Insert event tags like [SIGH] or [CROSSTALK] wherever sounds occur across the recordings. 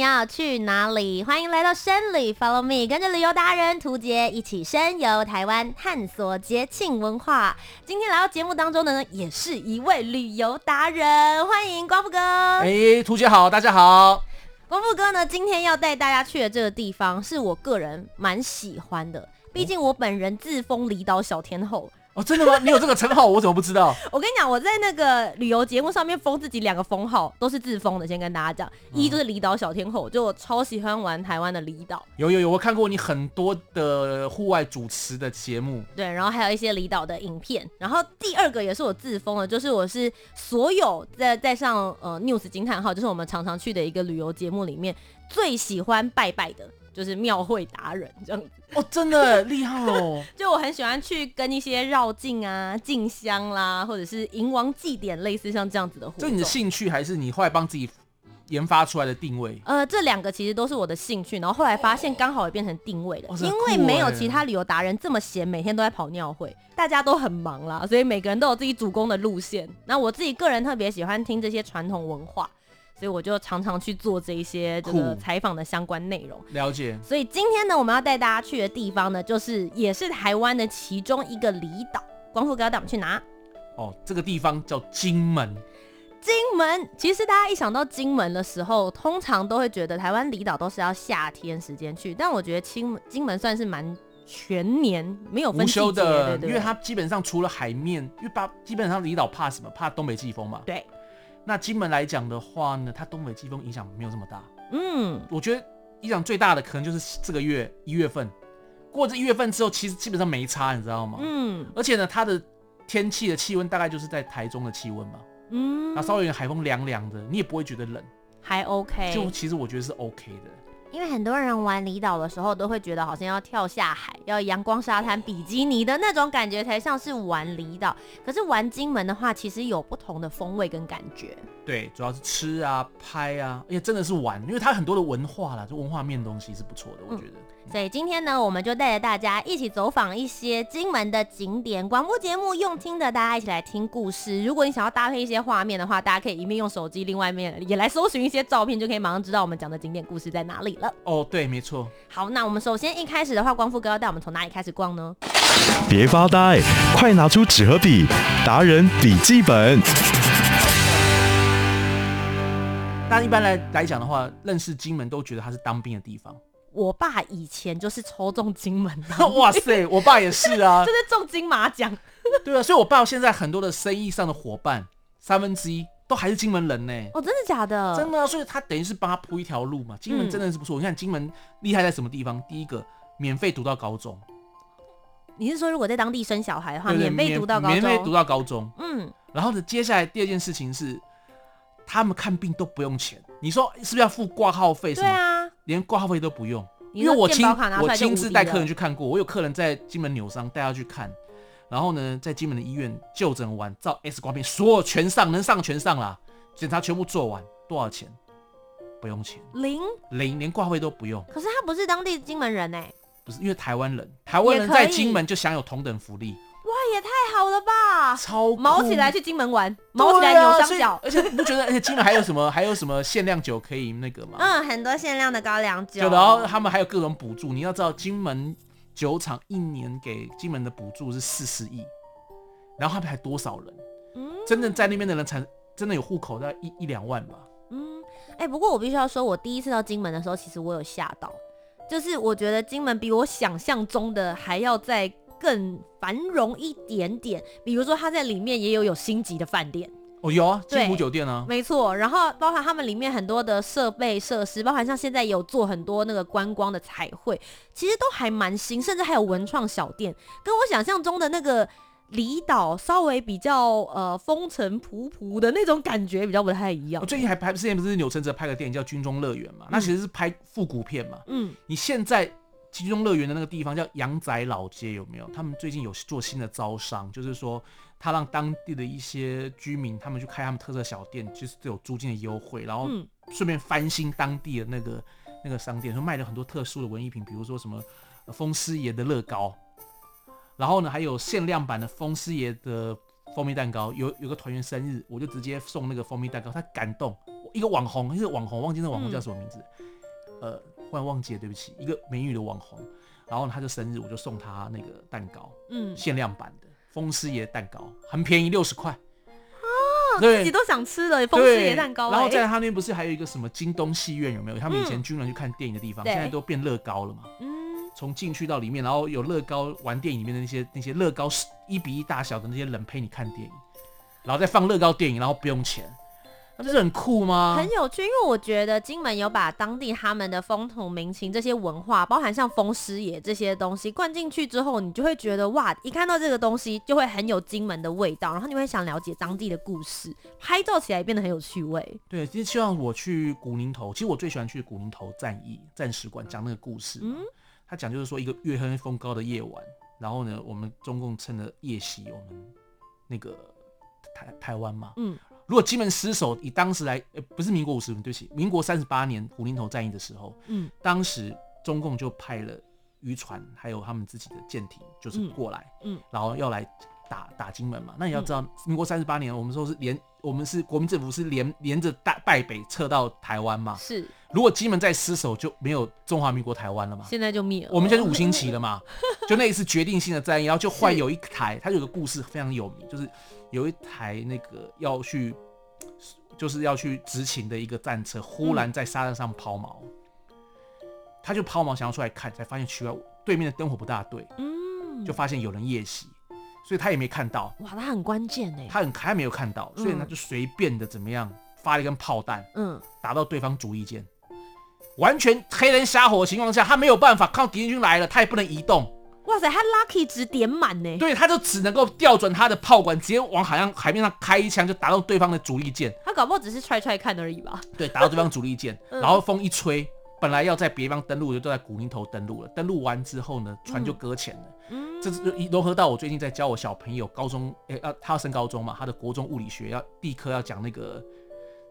要去哪裡？歡迎來到深旅，Follow me，跟着旅遊達人屠潔一起深遊台灣，探索節慶文化。今天來到節目當中的呢，也是一位旅遊達人，歡迎光復哥。哎、欸，屠潔好，大家好。光復哥呢，今天要帶大家去的這個地方，是我個人蠻喜歡的，畢竟我本人自封離島小天後。嗯哦，真的嗎？你有這個稱號， [LAUGHS] 我怎麼不知道？我跟你講，我在那個旅遊節目上面封自己兩個封號，都是自封的。先跟大家講，嗯、一就是離島小天後，就我超喜歡玩台灣的離島。有有有，我看過你很多的戶外主持的節目，對，然後還有一些離島的影片。然後第二個也是我自封的，就是我是所有在在上呃 News 驚嘆號，就是我們常常去的一個旅遊節目裡面最喜歡拜拜的。就是廟會達人這樣子哦，真的厲害哦！ [LAUGHS] 就我很喜歡去跟一些繞境啊、進香啦、啊，或者是迎王祭典類似像這樣子的活動。這是你的興趣，還是你後來幫自己研發出來的定位？呃，這兩個其實都是我的興趣，然後後來發現剛好也變成定位了，哦哦、因為沒有其他旅遊達人這麼閒，每天都在跑廟會，大家都很忙啦，所以每個人都有自己主攻的路線。那我自己個人特別喜歡聽這些傳統文化。所以我就常常去做這一些這個採訪的相關內容，了解。所以今天呢，我們要帶大家去的地方呢，就是也是台灣的其中一個離島。光復哥，要帶我們去哪？哦，這個地方叫金門。金門，其實大家一想到金門的時候，通常都會覺得台灣離島都是要夏天時間去，但我覺得金金門算是蠻全年沒有分的休的，對因為它基本上除了海面，因為把基本上離島怕什麼？怕東北季風嘛。對。那金門來講的話呢，它東北季風影響沒有這麼大。嗯，我覺得影響最大的可能就是這個月一月份，過了這一月份之後，其實基本上沒差，你知道嗎？嗯，而且呢，它的天氣的氣溫大概就是在台中的氣溫嘛。嗯，那稍微有點海風涼涼的，你也不會覺得冷，還 OK。就其實我覺得是 OK 的。因為很多人玩離島的時候，都會覺得好像要跳下海，要陽光沙灘比基尼的那種感覺，才像是玩離島。可是玩金門的話，其實有不同的風味跟感覺。對，主要是吃啊、拍啊，也真的是玩，因為它很多的文化啦，就文化面東西是不錯的，嗯、我覺得。嗯、所以今天呢，我們就帶着大家一起走訪一些金門的景點。廣播節目用聽的，大家一起來聽故事。如果你想要搭配一些畫面的話，大家可以一面用手機，另外一面也來搜尋一些照片，就可以馬上知道我們講的景點故事在哪裡了。哦，對，沒錯。好，那我們首先一開始的話，光復哥要帶我們從哪裡開始逛呢？別發呆，快拿出紙和筆，達人筆記本。但一般來來講的話，認識金門都覺得他是當兵的地方。我爸以前就是抽中金門的， [LAUGHS] 哇塞，我爸也是啊，就 [LAUGHS] 是中金馬獎。 [LAUGHS] 對啊，所以我爸現在很多的生意上的伙伴，三分之一都還是金門人呢、欸。哦，真的假的？真的、啊，所以他等於是幫他鋪一條路嘛。金門真的是不錯，嗯、你看金門厲害在什麼地方？第一個，免費讀到高中。你是說如果在當地生小孩的話，對對免費讀到高中？免費讀到高中。嗯。然後呢，接下來第二件事情是。他們看病都不用錢，你說是不是要付掛號費？對啊，連掛號費都不用，你說因為我親我親自帶客人去看過，我有客人在金門扭傷，帶他去看，然後呢在金門的醫院就診完照 X 光片，所有全上能上全上啦。檢查全部做完，多少錢？不用錢，零零連掛號費都不用。可是他不是當地的金門人欸，不是因為台灣人，台灣人在金門就享有同等福利。也太好了吧！超卯酷起來去金門玩，卯起來扭傷腳、啊。而且你不覺得，而、欸、且金門還有什麼， [LAUGHS] 還有什麼限量酒可以那個嗎？嗯，很多限量的高粱酒。然後他們還有各種補助。你要知道，金門酒廠一年給金門的補助是四十億，然後還多少人？嗯，真正在那邊的人才真的有戶口大概，要一一兩萬吧。嗯，哎、欸，不過我必須要說，我第一次到金門的時候，其實我有嚇到，就是我覺得金門比我想象中的還要在。更繁榮一點點，比如說它在裡面也有有星級的飯店哦，有啊，金普酒店啊，沒錯。然後包含他們裡面很多的設備設施，包含像現在有做很多那個觀光的彩繪，其實都還蠻新，甚至還有文創小店，跟我想象中的那個離島稍微比較呃風塵僕僕的那種感覺比較不太一樣，哦。最近還拍之前不是鈕承澤拍個電影叫《軍中樂園》嘛，嗯、那其實是拍復古片嘛，嗯，你現在。其中樂園的那個地方叫陽宅老街，有沒有？他們最近有做新的招商，就是說他讓當地的一些居民，他們去開他們特色小店，其實都有租金的優惠，然後順便翻新當地的那個那個商店，就賣了很多特殊的文藝品，比如說什麼、呃、風獅爺的樂高，然後呢還有限量版的風獅爺的蜂蜜蛋糕，有有個團員生日，我就直接送那個蜂蜜蛋糕，他感動，一個網紅，一個網紅，忘記那網紅叫什麼名字，嗯、呃。然忘記了，對不起，一個美女的網紅，然後她的生日我就送她那個蛋糕，嗯，限量版的風獅爺蛋糕，很便宜，六十塊。啊，對自己都想吃的風獅爺蛋糕欸。然後在他那邊不是還有一個什麼金東戲院有沒有？嗯、他們以前經常去看電影的地方，對現在都變樂高了嘛。嗯。從進去到裡面，然後有樂高玩電影裡面的那些那些樂高一比一大小的那些人陪你看電影，然後再放樂高電影，然後不用錢。這是很酷嗎？很有趣，因為我覺得金門有把當地他們的風土民情這些文化，包含像風獅爺這些東西灌進去之後，你就會覺得哇，一看到這個東西就會很有金門的味道，然後你會想了解當地的故事，拍照起來也變得很有趣味。對，今天希望我去古寧頭，其實我最喜歡去古寧頭戰役戰史館講那個故事。嗯，他講就是說一個月黑風高的夜晚，然後呢，我們中共趁着夜襲我們那個台台灣嘛。嗯。如果金門失守，以當時來，呃、欸，不是民國五十五對不起，民國三十八年古寧頭戰役的時候，嗯，當時中共就派了漁船，還有他們自己的艦艇，就是過來，嗯，嗯然後要來打打金門嘛。那你要知道，嗯、民國三十八年，我們說是連我們是國民政府是連連着大敗北撤到台灣嘛。是，如果金門再失守，就沒有中華民國台灣了嘛。現在就滅了。我們現在是五星旗了嘛。 [LAUGHS] 就那一次決定性的戰役，然後就換有一台，是它有一個故事非常有名，就是。有一台那個要去，就是要去執勤的一個戰車，忽然在沙灘上拋錨，嗯、他就拋錨想要出來看，才發現奇怪，對面的燈火不大對，嗯、就發現有人夜襲，所以他也沒看到。哇，他很關鍵他很，他還沒有看到，所以他就隨便的怎麼樣發了一根炮彈，嗯，打到對方主意間，完全黑燈瞎火的情況下，他沒有辦法，靠敵軍來了，他也不能移動。哇塞，他 lucky 值點滿呢。對，他就只能夠調準他的炮管，直接往海上海面上開一槍，就打到對方的主力艦。他搞不好只是踹踹看而已吧？對，打到對方主力艦， [LAUGHS] 嗯、然後風一吹，本來要在別方登陸，就都在古寧頭登陸了。登陸完之後呢，船就擱淺了。嗯，這就融合到我最近在教我小朋友，高中誒、欸，他要升高中嘛，他的國中物理學要地科要講那個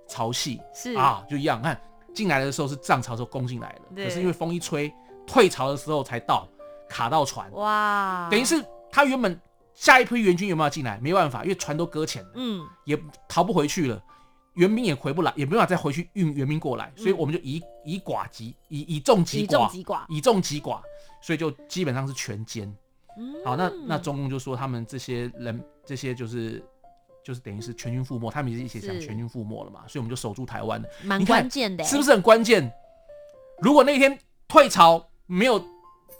潮汐，是啊，就一樣，看進來的時候是漲潮的時候攻進來的，對可是因為風一吹，退潮的時候才到。卡到船哇，等於是他原本下一批援軍有沒有進來？沒辦法，因為船都擱淺了，嗯，也逃不回去了，援兵也回不來，也沒辦法再回去運援兵過來，嗯、所以我們就以以寡擊以以眾擊寡，以，以眾擊寡，寡，寡，寡，所以就基本上是全殲。嗯、好，那那中共就說他們這些人，這些就是就是等於是全軍覆沒，他們也是一起想全軍覆沒了嘛，是所以我們就守住台灣，蠻關鍵的，你看，是不是很關鍵？如果那天退潮沒有。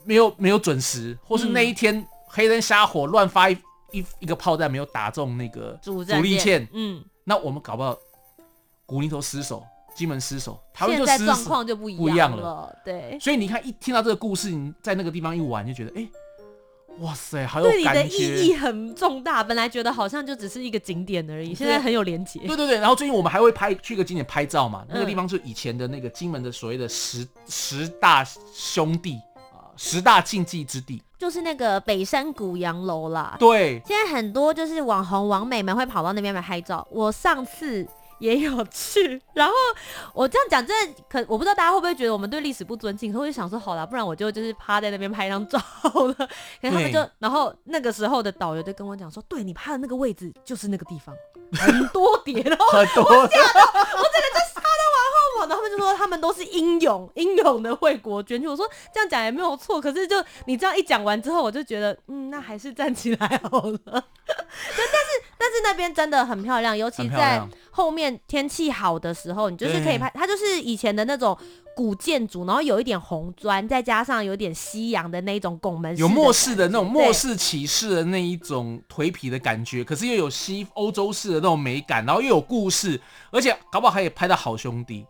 沒有沒有準時，或是那一天黑燈瞎火亂發一一、嗯、一個炮彈，沒有打中那個主力艦，嗯，那我們搞不好古寧頭失守，金門失守，台灣就失守，狀況就不一樣了。對，所以你看，一聽到這個故事，你在那個地方一玩，就覺得，哎，哇塞，好有感覺，的意義很重大。本來覺得好像就只是一個景點而已，現在很有連結。對，對對對，然後最近我們還會拍去一個景點拍照嘛，那個地方是以前的那個金門的所謂的十十大兄弟。十大禁忌之地，就是那個北山古洋樓啦。對，現在很多就是網紅、網美們會跑到那邊來拍照。我上次也有去，然後我這樣講真的可，我不知道大家會不會覺得我們對歷史不尊敬。可是我就想說好啦，不然我就就是趴在那邊拍張照了。然後他們就，欸、然後那個時候的導遊就跟我講說，對你趴的那個位置就是那個地方，很多點哦， [LAUGHS] 很多的 我， [LAUGHS] 我真的就。然後他們就說他們都是英勇英勇的為國捐軀。我說這樣講也沒有錯，可是就你這樣一講完之後，我就覺得嗯，那還是站起來好了。 [LAUGHS] 就但是但是那邊真的很漂亮，尤其在後面天氣好的時候，你就是可以拍它，就是以前的那種古建築，然後有一點紅磚，再加上有點夕陽的那種拱門，有末世的那種末世騎士的那一種頹皮的感覺，可是又有西歐洲式的那種美感，然後又有故事，而且搞不好還可以拍到好兄弟。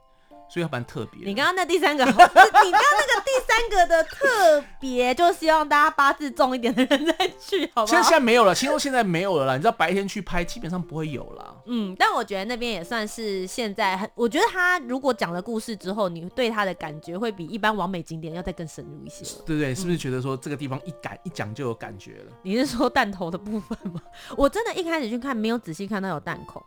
所以要不然特別，你剛剛那第三個， [LAUGHS] 你剛剛那個第三個的特別，就希望大家八字重一點的人再去，好嗎？現，現在沒有了，其實我現在沒有了啦。你知道白天去拍，基本上不會有了。嗯，但我覺得那邊也算是現在很，我覺得他如果講了故事之後，你對他的感覺會比一般網美景點，要再更深入一些對，對對，是不是覺得說這個地方一感、嗯、一講就有感覺了？你是說彈頭的部分嗎？我真的一開始去看，沒有仔細看到有彈孔。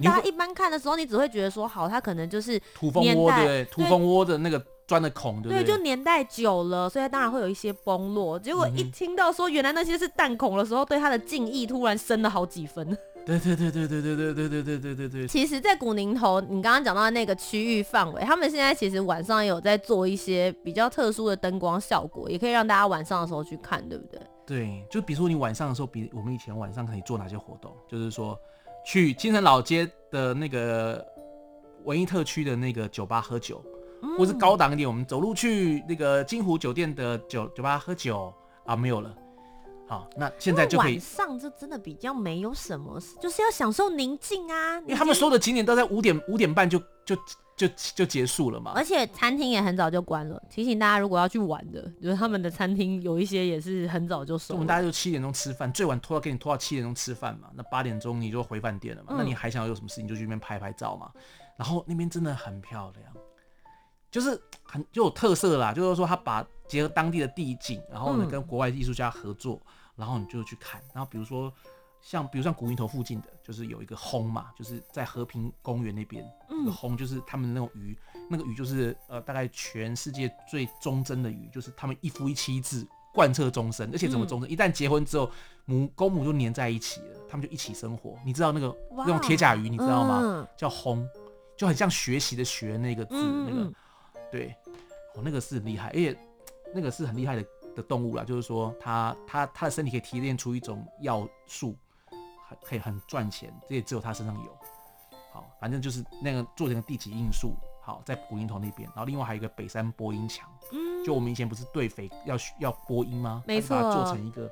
就大家一般看的時候，你只會覺得說好，它可能就是土蜂窩，對土蜂窩的那個鑽的孔，對不對？對，對，不對，對，就年代久了，所以它當然會有一些崩落。結果一聽到說原來那些是彈孔的時候，對它的敬意突然升了好幾分。對對對對對對對對對對對對對。其實，在古寧頭，你剛剛講到的那個區域範圍，他們現在其實晚上有在做一些比較特殊的燈光效果，也可以讓大家晚上的時候去看，對不對？對，就比如說你晚上的時候，比我們以前晚上可以做哪些活動，就是說。去金城老街的那個文藝特區的那個酒吧喝酒，嗯、或是高檔一點，我們走路去那個金湖酒店的酒酒吧喝酒啊，沒有了。好，那現在就可以。晚上就真的比較沒有什麼事，就是要享受寧靜啊。因為他們所有的景點都在五點五點半就就。就就結束了嘛，而且餐廳也很早就關了。提醒大家，如果要去玩的，就是他們的餐廳有一些也是很早就收。就我們大家就七點鐘吃飯，最晚拖到給你拖到七點鐘吃飯嘛。那八點鐘你就回飯店了嘛。那你還想要有什麼事情，就去那邊拍拍照嘛。嗯、然後那邊真的很漂亮，就是很就有特色啦。就是說，他把結合當地的地景，然後呢、嗯、跟國外藝術家合作，然後你就去看。然後比如說。像比如像古寧頭附近的，就是有一個鱟嘛，就是在和平公園那邊，鱟、嗯、就是他們的那種魚，那個魚就是呃，大概全世界最忠貞的魚，就是他們一夫一妻制貫徹終身，而且怎麼忠貞？嗯、一旦結婚之後，母公母就黏在一起了，他們就一起生活。你知道那個那種鐵哇甲魚，你知道嗎？嗯、叫鱟，就很像學習的學那個字，嗯嗯那個對，哦，那個是很厲害，而且那個是很厲害的的動物了，就是說它它它的身體可以提煉出一種藥素。可以很賺錢，這也只有他身上有。好，反正就是那個做成的地景藝術，好在古寧頭那邊，然後另外還有一個北山播音牆，就我們以前不是對匪要要播音嗎？沒錯錯，把它做成一個。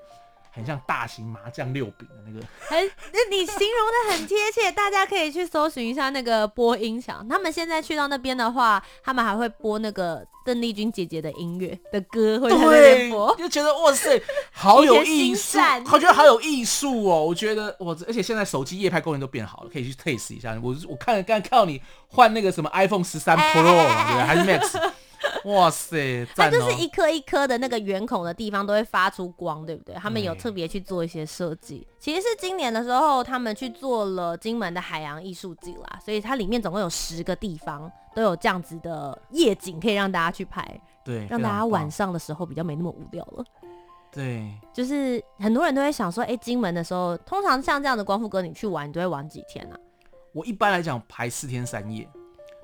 很像大型麻將六餅的那個，哎，那你形容得很貼切， [LAUGHS] 大家可以去搜尋一下那個播音響。他們現在去到那邊的話，他們還會播那個鄧麗君姐姐的音樂的歌，會在那邊播，就覺得哇塞，好有藝術，我覺得好有藝術哦。我覺得我，而且現在手機夜拍功能都變好了，可以去 taste 一下。我我看了，剛才看到你換那個什麼 iPhone 十三 Pro，哎哎哎哎還是 Max？ [LAUGHS] 哇塞！它、哦、就是一顆一顆的那個圓孔的地方都會發出光，對不對？他們有特別去做一些設計。嗯、其實是今年的時候，他們去做了金門的海洋藝術季啦，所以它裡面總共有十個地方都有這樣子的夜景，可以讓大家去拍。對，讓大家晚上的時候比較沒那麼無聊了。對，就是很多人都會想說，哎，金門的時候，通常像這樣的光復哥，你去玩，你都會玩幾天呢、啊？我一般來講，排四天三夜。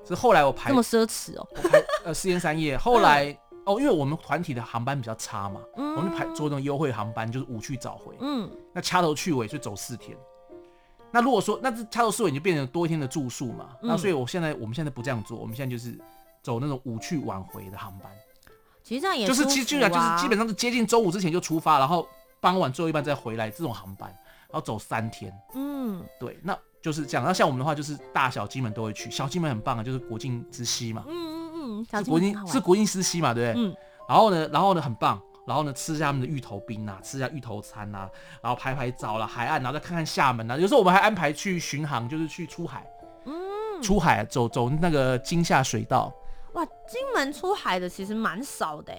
是後來我排那麼奢侈哦，我排呃四天三夜。 [LAUGHS] 後來對哦，因為我們團體的航班比較差嘛，嗯、我們就排做那種優惠航班，就是五去早回。嗯，那掐頭去尾就走四天。那如果說，那這掐頭去尾你就變成多一天的住宿嘛。嗯、那所以我現在，我們現在不這樣做，我們現在就是走那種五去晚回的航班。其實這樣也、啊、就是基基本上就是基本上是接近週五之前就出發，然後傍晚最後一班再回來，這種航班然後走三天。嗯，對，那。就是講到像我們的話，就是大小金門都會去。小金門很棒啊，就是國境之西嘛。嗯嗯嗯，嗯嗯小金國境是國境之西嘛，對不對？嗯。然後呢，然後呢，很棒。然後呢，吃一下他們的芋頭冰啊，吃一下芋頭餐啊，然後拍拍照了海岸，然後再看看廈門啊。有時候我們還安排去巡航，就是去出海。嗯。出海走走那個金廈水道。哇，金門出海的其實蠻少的。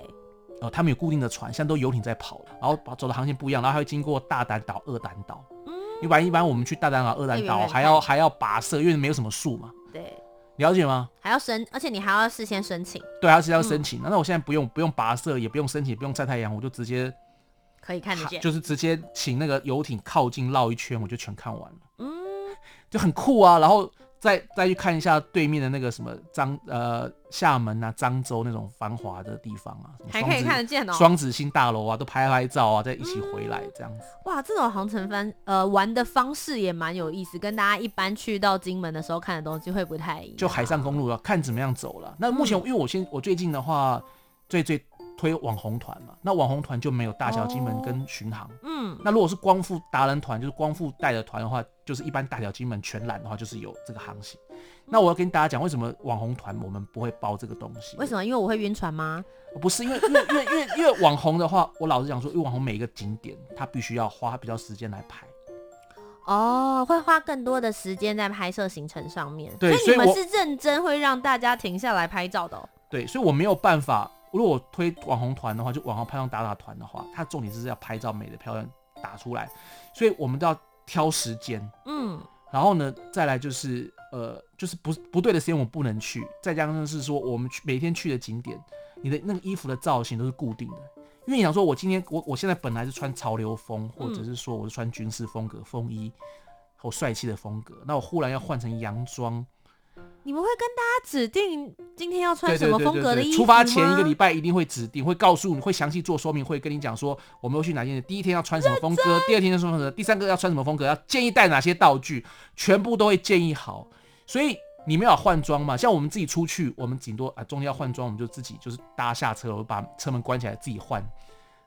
哦，他們有固定的船，像都遊艇在跑，然後走的航線不一樣，然後還會經過大膽島、二膽島。嗯。一般一般，我們去大膽島、二膽島還要還要跋涉，因為沒有什麼樹嘛。對，你了解嗎？還要申，而且你還要事先申請。對，還是要申請。那那、嗯、我現在不用不用跋涉，也不用申請，不用曬太陽，我就直接可以看得見，就是直接請那個遊艇靠近繞一圈，我就全看完了。嗯，就很酷啊。然後。再再去看一下對面的那個什麼漳呃廈門啊漳州那種繁華的地方啊，還可以看得見哦，雙子星大樓啊，都拍拍照啊，再一起回來這樣子。嗯、哇，這種航程翻，呃，玩的方式也蠻有意思，跟大家一般去到金門的時候看的東西會不太一樣。就海上公路啊，看怎麼樣走了。那目前、嗯、因為我先我最近的話，最最。推網紅團嘛，那網紅團就沒有大小金門跟巡航。哦、嗯，那如果是光復達人團，就是光復帶的團的話，就是一般大小金門全覽的話，就是有這個航行。那我要跟大家講，為什麼網紅團我們不會包這個東西？為什麼？因為我會暈船嗎、哦？不是，因為因為因為因為網紅的話，我老實講說，因為網紅每一個景點，他必須要花比較時間來拍。哦，會花更多的時間在拍攝行程上面。對，所以我，所以你們是認真會讓大家停下來拍照的、哦。對，所以我沒有辦法。如果我推網紅團的話，就網紅拍照打打團的話，它重點是要拍照美得漂亮打出來，所以我們都要挑時間，嗯，然後呢再來就是呃就是不不對的時間我不能去，再加上是說我們去每天去的景點，你的那個衣服的造型都是固定的，因為你想說我今天我我現在本來是穿潮流風，或者是說我是穿軍事風格風衣好帥氣的風格，那我忽然要換成洋裝。你們會跟大家指定今天要穿什麼風格的衣服嗎？對對對對對，出發前一個禮拜一定會指定，會告訴你，會詳細做說明，會跟你講說我們要去哪間。第一天要穿什麼風格，第二天要穿什麼風格，第三個要穿什麼風格，要建議帶哪些道具，全部都會建議好。所以你沒有換裝嘛？像我們自己出去，我們頂多啊，中間要換裝，我們就自己就是大家下車，我把車門關起來自己換。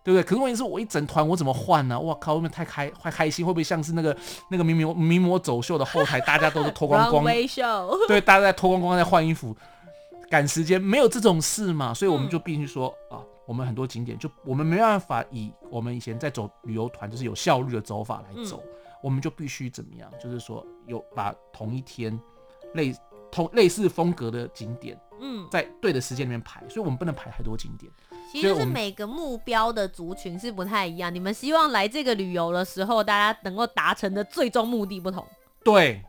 對不對？可是問題是我一整團，我怎麼換呢、啊？哇靠，外面太開太開心，會不會像是那個那個名模、名模走秀的後台，大家都是脫光光？ [LAUGHS] 對，大家在脫光光在換衣服，趕時間沒有這種事嘛？所以我們就必須說、嗯、啊，我們很多景點就我們沒辦法以我們以前在走旅游團就是有效率的走法來走，嗯、我們就必須怎麼樣？就是說有把同一天類同類似風格的景點，嗯，在對的時間裡面排，所以我們不能排太多景點。其實是每個目標的族群是不太一樣，們你們希望來這個旅遊的時候，大家能夠達成的最終目的不同。對，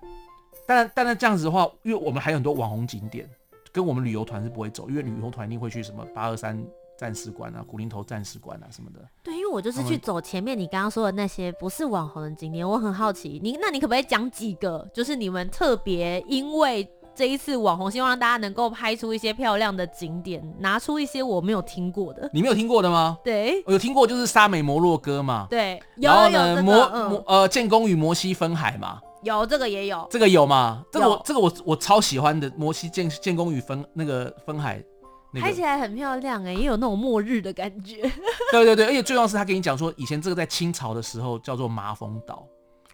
但但那這樣子的話，因為我們還有很多網紅景點，跟我們旅遊團是不會走，因為旅遊團一定會去什麼八二三戰史館啊、古寧頭戰史館啊什麼的。對，因為我就是去走前面你剛剛說的那些不是網紅的景點，我很好奇，你那你可不可以講幾個，就是你們特別因為。這一次網紅希望大家能夠拍出一些漂亮的景點，拿出一些我沒有聽過的。你沒有聽過的嗎？對，我、哦、有聽過，就是沙美摩洛哥嘛。對，有然後呢有、這個、摩摩呃建功嶼摩西分海嘛。有這個也有。這個有嗎？這個我有這個我我超喜歡的摩西建建功嶼分那個分海，那個、拍起來很漂亮哎、欸，也有那種末日的感覺。 [LAUGHS] 對對對，而且最重要是他跟你講說，以前這個在清朝的時候叫做麻風島。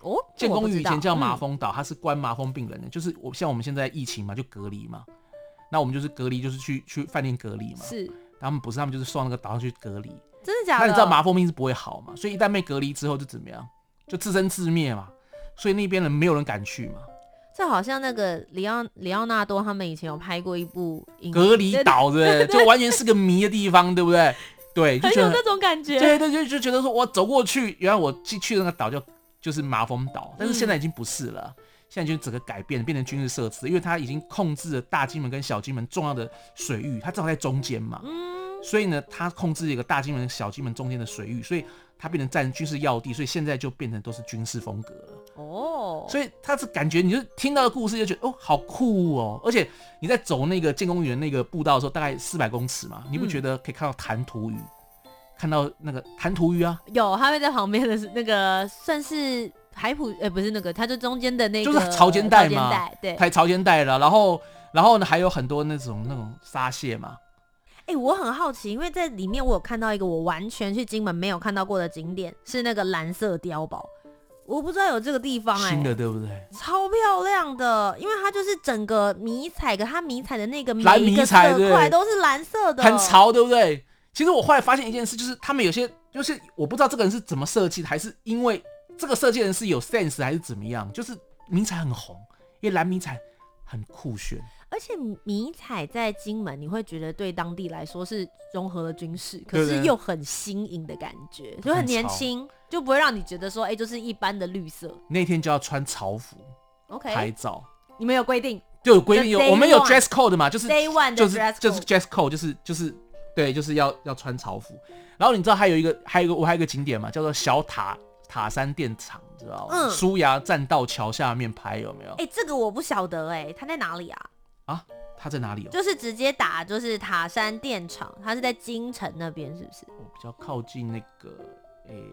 哦、建功嶼以前叫麻風島，嗯、它是關麻風病人的，就是我像我們現在疫情嘛，就隔離嘛，那我們就是隔離，就是去去飯店隔離嘛。是，是，他們不是他們，就是送那個島上去隔離。真的假的？那你知道麻風病是不會好嘛，所以一旦被隔離之後就怎麼樣，就自生自滅嘛。所以那邊人沒有人敢去嘛。這好像那個李奧，李奧納多他們以前有拍過一部影《隔離島是是》，對不對，對？就完全是個謎的地方， [LAUGHS] 對不對？對，就很有那種感覺。對，對對，就就覺得說，我走過去，原來我去去那個島就。就是麻瘋島，但是現在已經不是了，嗯、現在就整個改變，變成軍事設施，因為它已經控制了大金門跟小金門重要的水域，它正好在中間嘛，所以呢，它控制了一個大金門、小金門中間的水域，所以它變成占軍事要地，所以現在就變成都是軍事風格了，哦，所以它是感覺你就聽到的故事就覺得哦好酷哦，而且你在走那個建功嶼那個步道的時候，大概四百公尺嘛，你不覺得可以看到彈塗魚？嗯看到那個彈塗魚啊，有，它會在旁邊的是那個算是海埔，呃、欸，不是那個，它就中間的那個就是潮間帶嘛，潮間帶，對，太潮間帶了。然後，然後呢，還有很多那種那種沙蟹嘛。哎、欸，我很好奇，因為在裡面我有看到一個我完全去金門沒有看到過的景點，是那個藍色碉堡。我不知道有這個地方哎、欸，新的對不對？超漂亮的，因為它就是整個迷彩，跟它迷彩的那個迷彩，每一個塊都是藍色的，很潮對,對不對？其實我後來發現一件事，就是他們有些就是我不知道這個人是怎麼設計的，還是因為這個設計的人是有 sense 還是怎麼樣？就是迷彩很紅，因為藍迷彩很酷炫。而且迷彩在金門，你會覺得對當地來說是融合了軍事，可是又很新穎的感覺，的就很年輕，超就不會讓你覺得說，哎，就是一般的綠色。那天就要穿潮服，OK，拍照，你們有規定？就有規定，有 day 我們有 dress code 的嘛，就是 day one 的 dress code，就是就是 dress code，就是就是。對，就是要要穿朝服，然後你知道還有一個還有一個我還有一個景點嘛，叫做小塔塔山電廠，知道嗎？嗯。蘇崖棧道橋下面拍有沒有？哎、欸，這個我不曉得哎、欸，它在哪裡啊？啊，它在哪裡、哦？就是直接打就是塔山電廠，它是在金城那邊是不是？我比較靠近那個，哎、欸，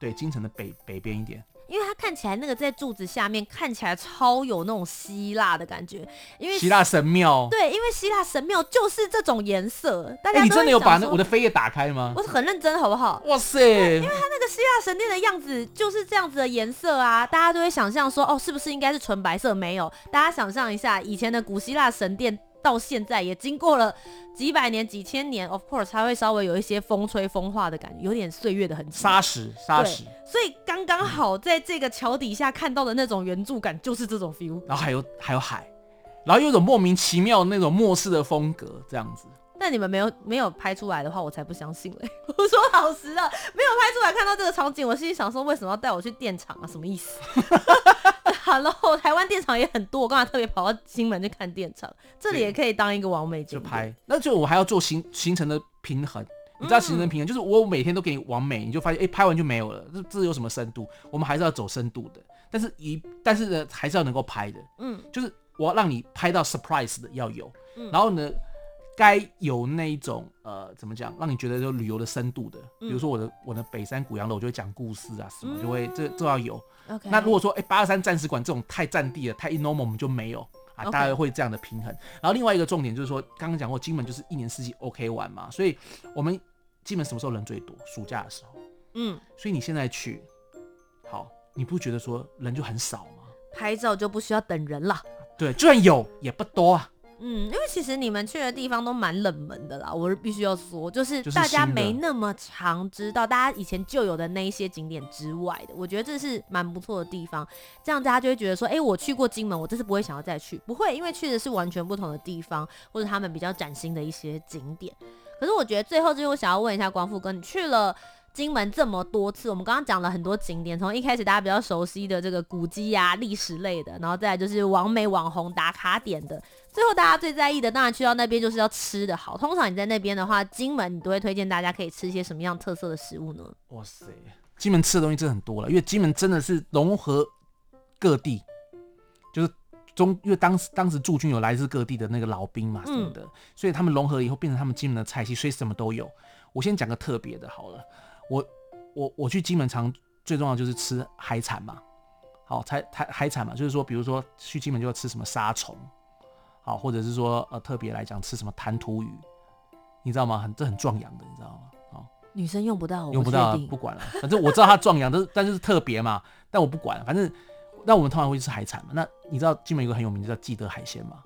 對，金城的北北邊一點。因為它看起來那個在柱子下面，看起來超有那種希臘的感覺，因為希、希臘神廟，對，因為希臘神廟就是這種顏色，大家你真的有把那我的扉頁打開嗎？我是很認真，好不好？哇塞，因為它那個希臘神殿的樣子就是這樣子的顏色啊，大家都會想象說，哦，是不是應該是純白色？沒有，大家想象一下以前的古希臘神殿。到現在也經過了幾百年、幾千年，of course，它會稍微有一些風吹風化的感覺，有點歲月的痕迹。沙石，沙石。所以剛剛好在這個橋底下看到的那種圓柱感，就是這種 feel。嗯。然後還有還有海，然後有一種莫名其妙的那種末世的風格，這樣子。那你們沒有沒有拍出來的話，我才不相信嘞、欸。我 [LAUGHS] 說老實了，沒有拍出來，看到這個場景，我心裡想說，為什麼要帶我去電廠啊？什麼意思 [LAUGHS] [LAUGHS] Hello 台灣電廠也很多，我剛才特別跑到金門去看電廠，這裡也可以當一個網美就拍。那就我還要做行行程的平衡。你知道行程平衡、嗯、就是我每天都給你網美，你就發現哎、欸，拍完就沒有了。這這有什麼深度？我們還是要走深度的，但是一但是呢還是要能夠拍的。嗯，就是我要讓你拍到 surprise 的要有，嗯、然後呢，該有那一種呃，怎麼講，讓你覺得就旅遊的深度的，嗯、比如說我的我的北山古洋樓，我就會講故事啊什麼，就會、嗯、這都要有。Okay. 那如果說哎八二三戰史館這種太戰地了，太 normal，我們就沒有啊，Okay. 大家會這樣的平衡。然後另外一個重點就是說，剛剛講過，金門就是一年四季 OK 玩嘛，所以我們金門什麼時候人最多？暑假的時候。嗯，所以你現在去，好，你不覺得說人就很少嗎？拍照就不需要等人了。對，就算有也不多啊。嗯，因為其實你們去的地方都蠻冷門的啦，我是必須要說，就是大家沒那麼常知道，大家以前就有的那一些景點之外的，我覺得這是蠻不錯的地方。這樣大家就會覺得說，誒、欸，我去過金門，我這次不會想要再去，不會，因為去的是完全不同的地方，或者他們比較嶄新的一些景點。可是我覺得最後就是我想要問一下光復哥，你去了，金門這麼多次，我們剛剛講了很多景點，從一開始大家比較熟悉的這個古蹟呀、啊、歷史類的，然後再來就是網美網紅打卡點的，最後大家最在意的，當然去到那邊就是要吃的好。通常你在那邊的話，金門你都會推薦大家可以吃一些什麼樣特色的食物呢？哇塞，金門吃的東西真的很多了，因為金門真的是融合各地，就是中，因為當時當時駐軍有來自各地的那個老兵嘛什麼、嗯、的，所以他們融合以後變成他們金門的菜系，所以什麼都有。我先講個特別的好了。我我我去金門常最重要的就是吃海產嘛，好，才海海產嘛，就是說，比如說去金門就要吃什麼沙蟲，好，或者是說呃特別來講吃什麼彈塗魚，你知道嗎？很這很壯陽的，你知道嗎？啊，女生用不到，用不到，我不管了。反正我知道它壯陽， [LAUGHS] 但但是特別嘛，但我不管了，反正那我們通常會吃海產嘛。那你知道金門有個很有名的叫記得海鮮嘛，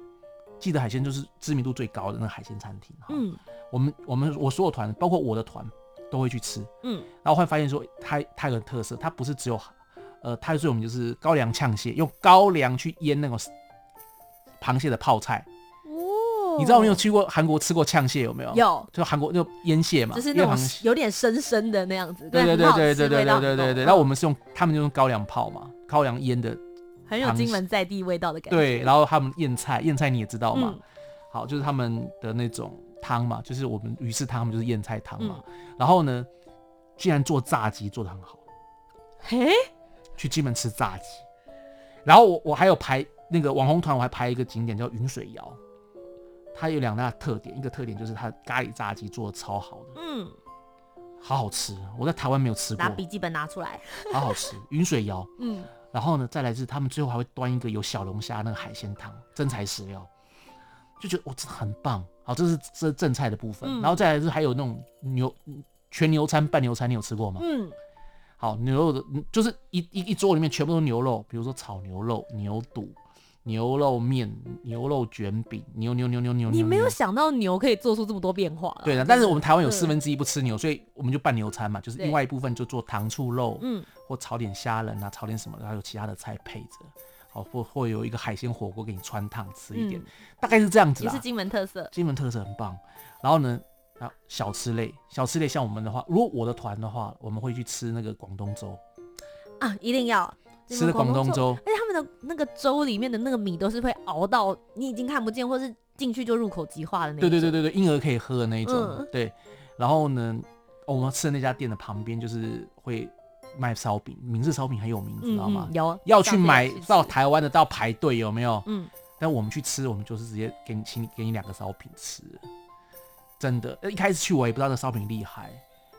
記得海鮮就是知名度最高的那個海鮮餐廳。哈、嗯。我們我們我所有團，包括我的團。都會去吃，嗯，然後會發現說，它它有特色，它不是只有，呃，它是我們就是高粱嗆蟹，用高粱去醃那種螃蟹的泡菜。哦，你知道我們有去過韓國吃過嗆蟹有沒有？有，就韓國那種醃蟹嘛，就是那種有點深深的那樣子。對對對對對對對對對對。然後我們是用，他們就用高粱泡嘛，高粱醃的，很有金門在地味道的感覺。對，然後他們醃菜，醃菜你也知道嘛。好，就是他們的那種。湯嘛，就是我們魚翅湯就是醃菜湯嘛。嗯、然後呢，竟然做炸雞做得很好，嘿誒，去金門吃炸雞。然後我我還有排那個網紅團，我還排一個景點叫雲水謠。它有兩大特點，一個特點就是它咖喱炸雞做得超好的，嗯，好好吃。我在台灣沒有吃過。把筆記本拿出來， [LAUGHS] 好好吃。雲水謠，嗯。然後呢，再來是他們最後還會端一個有小龍蝦那個海鮮湯，真材實料。就覺得我、哦、這很棒，好，這是這是正菜的部分，然後再來是還有那種牛全牛餐、半牛餐，你有吃過嗎？嗯，好，牛肉的就是一一一桌裡面全部都牛肉，比如說炒牛肉、牛肚、牛肉麵、牛肉捲餅、牛牛牛牛牛牛。你沒有想到牛可以做出這麼多變化、啊。對的，但是我們台灣有四分之一不吃牛，對對對，所以我們就半牛餐嘛，就是另外一部分就做糖醋肉，嗯對，或炒點蝦仁啊，炒點什麼，然後有其他的菜配着。好，或會有一個海鮮火鍋給你汆燙吃一點，大概是這樣子。也是金門特色，金門特色很棒。然後呢，啊，小吃類，小吃類像我們的話，如果我的團的話，我們會去吃那個廣東粥啊，一定要吃的廣東粥。廣東粥，而且他們的那個粥裡面的那個米都是會熬到你已經看不見，或是進去就入口即化的那一種。對對對對，嬰兒可以喝的那一種。嗯。對。然後呢，我們吃的那家店的旁邊就是會。賣燒餅，明治燒餅很有名，知道嗎？嗯嗯，有要去買要去到台灣的，到排隊有沒有？嗯，但我們去吃，我們就是直接給你，請你給你兩個燒餅吃，真的。一開始去我也不知道這燒餅厲害，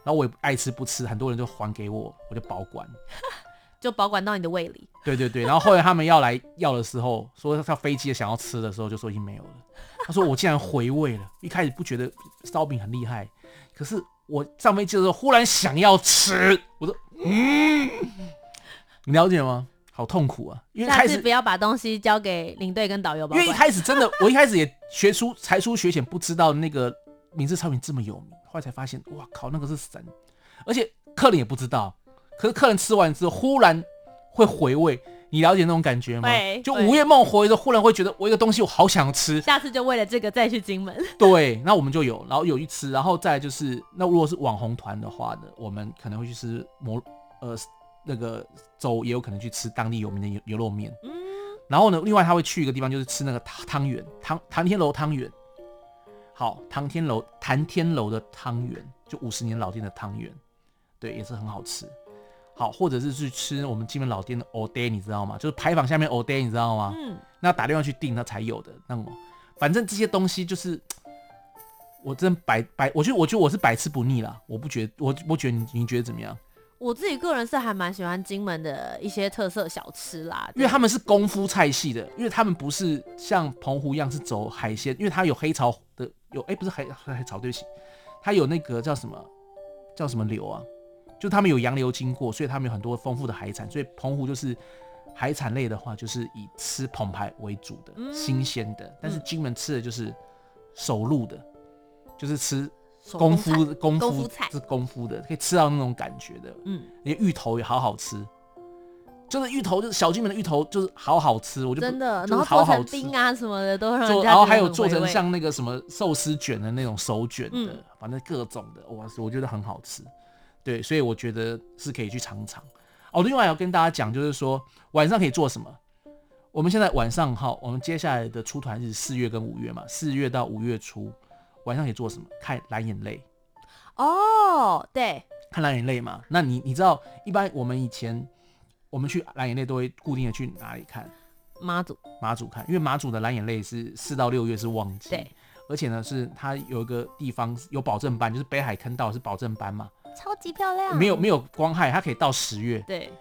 然後我也愛吃不吃，很多人就還給我，我就保管， [LAUGHS] 就保管到你的胃裡。對對對，然後後來他們要來要的時候，說要飛機想要吃的時候，就說已經沒有了。他說我竟然回味了， [LAUGHS] 一開始不覺得燒餅很厲害，可是。我上飛機的時候，忽然想要吃，我說，嗯，你了解了嗎？好痛苦啊！因為開始不要把東西交給領隊跟導遊吧。因為一開始真的，我一開始也學出才疏學淺，不知道那個名字超品這麼有名，後來才發現，哇靠，那個是神，而且客人也不知道。可是客人吃完之後，忽然會回味。你了解那種感覺嗎？對就午夜夢回的忽然會覺得我一個東西我好想吃，下次就為了這個再去金門。對，那我們就有，然後有一次，然後再就是，那如果是網紅團的話呢，我們可能會去吃摩呃那個粥，也有可能去吃當地有名的牛牛肉麵。嗯，然後呢，另外他會去一個地方，就是吃那個湯圓，唐談天樓湯圓。好，談天樓談天樓的湯圓，就五十年老店的湯圓，對，也是很好吃。好，或者是去吃我們金門老店的蚵嗲，你知道嗎？就是牌坊下面蚵嗲，你知道嗎？嗯。那打電話去訂，它才有的。那麼，反正這些東西就是，我真百百，我覺得，我覺得我是百吃不膩了。我不覺得，我我覺得你你覺得怎麼樣？我自己個人是還蠻喜歡金門的一些特色小吃啦，因為他們是功夫菜系的，因為他們不是像澎湖一樣是走海鮮，因為它有黑潮的有，哎、欸，不是海海潮，對不起，它有那個叫什麼叫什麼流啊？就他們有洋流經過，所以他們有很多豐富的海產。所以澎湖就是海產類的話，就是以吃澎湃為主的，嗯、新鮮的。但是金門吃的就是手路的，就是吃功夫、夫、功、夫功夫菜是功夫的，可以吃到那種感覺的。嗯，芋頭也好好吃，就是芋頭，就是小金門的芋頭，就是好好吃。我就真的，好好吃，然後做成冰啊什麼的，都很好吃，然後還有做成像那個什麼壽司卷的那種手卷的，嗯、反正各種的，哇，我覺得很好吃。對，所以我覺得是可以去嚐嚐。哦、oh，另外要跟大家講，就是說晚上可以做什麼？我們現在晚上哈，我們接下來的出團是四月跟五月嘛，四月到五月初晚上可以做什麼？看藍眼淚。哦，oh，對，看藍眼淚嘛。那你你知道一般我們以前我們去藍眼淚都會固定的去哪裡看？馬祖，馬祖看，因為馬祖的藍眼淚是四到六月是旺季，對，而且呢是它有一個地方有保證班，就是北海坑道是保證班嘛。超級漂亮，沒有沒有光害，它可以到十月。對，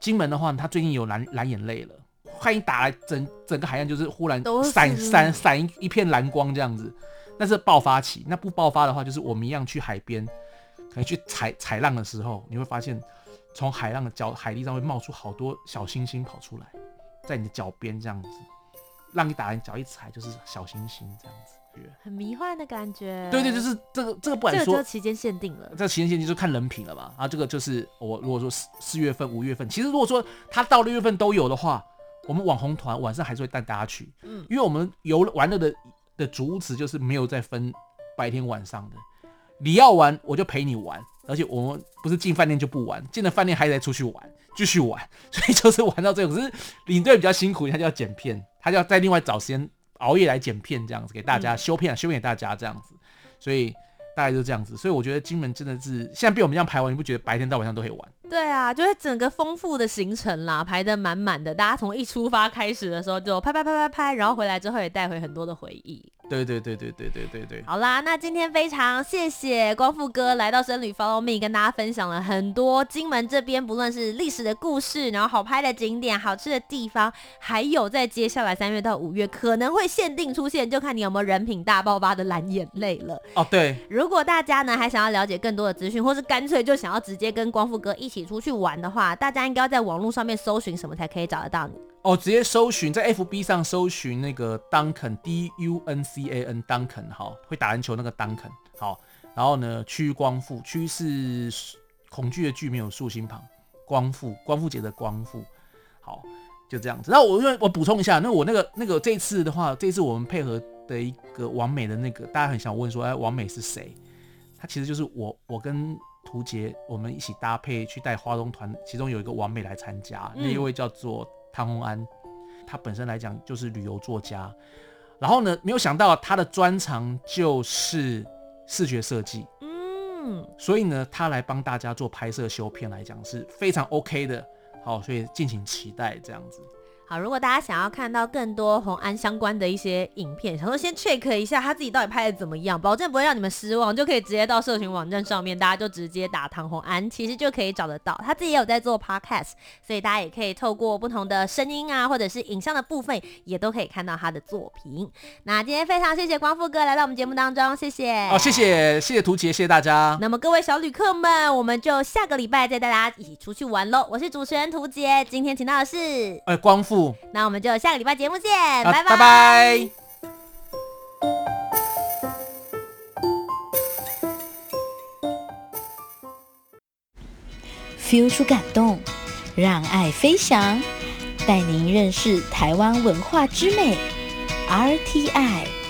金門的話，它最近有藍藍眼淚了，快一打來，整整個海岸就是忽然都是閃閃閃一一片藍光這樣子，那是爆發期。那不爆發的話，就是我們一樣去海邊，可能去踩踩浪的時候，你會發現從海浪的腳海地上會冒出好多小星星跑出來，在你的腳邊這樣子。讓你打完腳一踩就是小星星這樣子，對很迷幻的感覺。對，對對，就是這個這個不敢說。這個期間限定了。這個期間限定就看人品了嘛。啊，這個就是、個就是、啊個就是、我如果說四四月份五月份，其實如果說他到六月份都有的話，我們網紅團晚上還是會帶大家去。嗯，因為我們遊玩樂的的主旨就是沒有在分白天晚上的，你要玩我就陪你玩。而且我們不是進飯店就不玩，進了飯店還得出去玩，繼續玩，所以就是玩到這種。只是領隊比較辛苦，他就要剪片，他就要在另外找時間熬夜來剪片，這樣子給大家修片啊，修片給大家這樣子。所以大概就是這樣子。所以我覺得金門真的是現在被我們這樣排完，你不覺得白天到晚上都可以玩？對啊，就是整個豐富的行程啦，排得滿滿的。大家從一出發開始的時候就拍拍拍拍拍，然後回來之後也帶回很多的回憶。對對對對對對對對，好啦，那今天非常謝謝光復哥來到深旅 Follow Me，跟大家分享了很多金門這邊不論是歷史的故事，然後好拍的景點、好吃的地方，還有在接下來三月到五月可能會限定出現，就看你有沒有人品大爆發的藍眼淚了。哦，對，如果大家呢還想要了解更多的資訊，或是乾脆就想要直接跟光復哥一起出去玩的話，大家應該要在網絡上面搜尋什麼才可以找得到你？哦，直接搜尋在 F B 上搜尋那個 Duncan Duncan, D U N C A N Duncan 哈，會打籃球那個 Duncan 好，然後呢，瞿光復瞿是恐懼的懼，沒有豎心旁，光復光復節的光復，好就這樣子。那我因為我補充一下，那我那個那個這次的話，這次我們配合的一個網美的那個，大家很想問說，哎，網美是誰？他其實就是我，我跟屠潔我們一起搭配去帶花東團，其中有一個網美來參加，那一位叫做。唐紅安，他本身來講就是旅游作家，然後呢，沒有想到他的專長就是視覺設計，嗯，所以呢，他來幫大家做拍攝修片來講是非常 OK 的，好，所以敬請期待這樣子。好，如果大家想要看到更多洪安相關的一些影片，想說先 check 一下他自己到底拍的怎麼樣，保證不會讓你們失望，就可以直接到社群網站上面，大家就直接打唐洪安，其實就可以找得到。他自己也有在做 podcast，所以大家也可以透過不同的聲音啊，或者是影像的部分，也都可以看到他的作品。那今天非常謝謝光復哥來到我們節目當中，謝謝。哦，謝謝謝謝屠潔，謝謝大家。那麼各位小旅客們，我們就下個禮拜再帶大家一起出去玩嘍。我是主持人屠潔，今天請到的是哎、呃，光復。那我們就下個禮拜節目見，啊、拜拜。Feel 出、啊、感動，讓愛飛翔，帶您認識台灣文化之美，RTI。